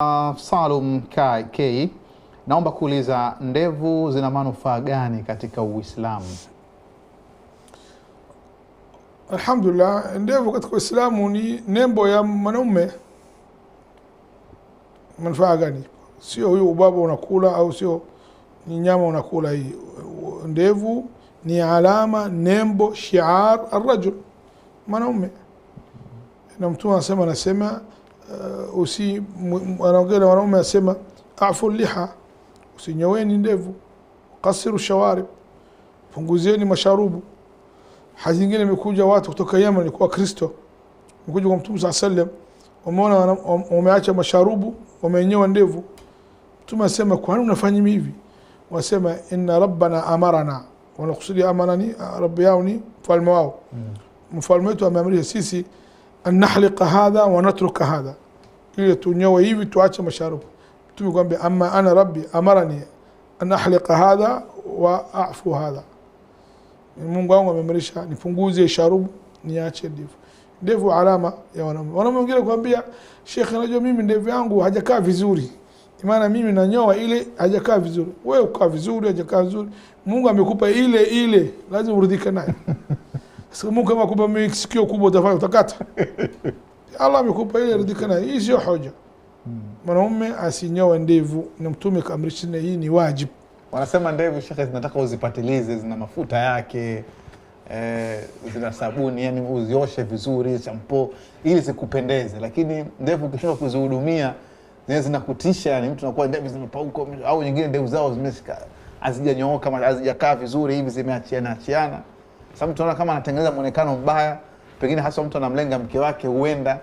Ah, Salum K, naomba kuuliza ndevu zina manufaa gani katika Uislamu? Alhamdulillah, ndevu katika Uislamu ni nembo ya mwanaume. Manufaa gani? Sio huyo ubaba unakula au sio ni nyama unakula. Hii ndevu ni alama, nembo, shiar arrajul, mwanaume. Na Mtume anasema anasema uh, usi anaongea na wanaume asema afu liha, usinyoweni ndevu, kasiru shawarib, punguzieni masharubu. Hadithi nyingine imekuja watu kutoka Yemen walikuwa Kristo, wamekuja kwa Mtume saa sallam, wameona wameacha um, masharubu, wamenyoa ndevu. Mtume asema kwani unafanya hivi? Wasema inna rabbana amarana, wanakusudia amana uh, rabbi yao ni mfalme wao, hmm. mfalme wetu ameamrisha sisi an hadha wa hadha ili tunyoe hivi tuache masharubu. Mtume kwambia, ama ana rabbi amarani an ahliqa hadha wa afu hadha, Mungu wangu amemrisha nipunguze sharubu niache ndevu. Ndevu alama ya wanaume. Wanaume wengine kwambia, Sheikh, najua mimi ndevu yangu hajakaa vizuri, maana mimi nanyoa ile hajakaa vizuri. Wewe ukaa vizuri, hajakaa vizuri, Mungu amekupa ile ile, lazima uridhike nayo. Sasa Mungu kama kupa sikio kubwa, utafanya utakata Allah amekupa ile ridhika nayo, hii sio hoja. Mwanaume asinyowe ndevu na Mtume kaamrishina hii ni wajibu. Wanasema ndevu shekhe, zinataka uzipatilize, zina mafuta yake eh, zina sabuni, yani uzioshe vizuri, shampo ili zikupendeze. Lakini ndevu ukishindwa kuzihudumia zinakutisha, yani mtu anakuwa ndevu zimepauka, au nyingine ndevu zao zimeshika hazijanyooka, hazijakaa vizuri hivi, zimeachiana achiana. Sasa mtu anaona kama anatengeneza muonekano mbaya pengine hasa mtu anamlenga mke wake, huenda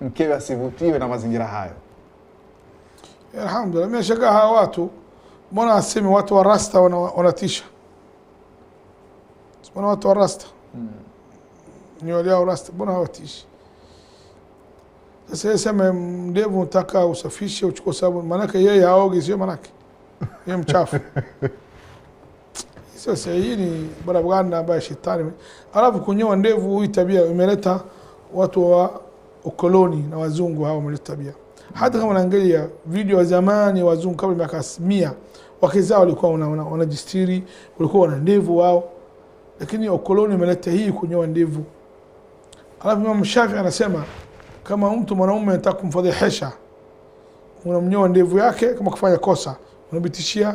mkewe asivutiwe na mazingira hayo. Alhamdulillah, mimi nashangaa hawa watu, mbona asemi watu wa rasta wanatisha? Mbona watu wa rasta hmm. ni waliao rasta, mbona hawatishi? Sasa sema ndevu nataka usafishe, uchukue sabuni, maanake yeye haogi, sio maanake yeye mchafu Sasa hii ni barabara ambayo shetani, alafu kunyoa ndevu, hii tabia imeleta watu wa ukoloni na wazungu hao wameleta tabia. Hata kama unaangalia video zamani, wazungu kabla miaka mia, wake zao walikuwa wanajistiri, walikuwa wana ndevu wao, lakini ukoloni umeleta hii kunyoa ndevu. Alafu Imam Shafi anasema kama mtu mwanaume anataka kumfadhihisha, unamnyoa ndevu yake, kama kufanya kosa unabitishia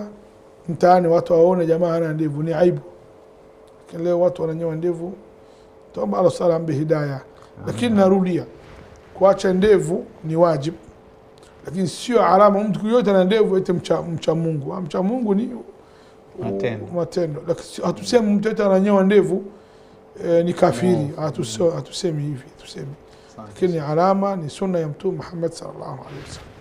mtaani watu waone jamaa ana ndevu, ni aibu. Lakini leo watu wananyoa ndevu, tuomba Allah sala ambe hidaya. Lakini narudia, kuacha ndevu ni wajibu, lakini sio alama mtu yoyote ana ndevu ete mcha, mcha Mungu. Ah, mcha Mungu ni matendo, matendo. Lakini hatusemi mtu yote ananyoa ndevu e, ni kafiri. Hatusemi hivi, hatusemi lakini alama ni sunna ya Mtume Muhammad sallallahu alaihi wasallam.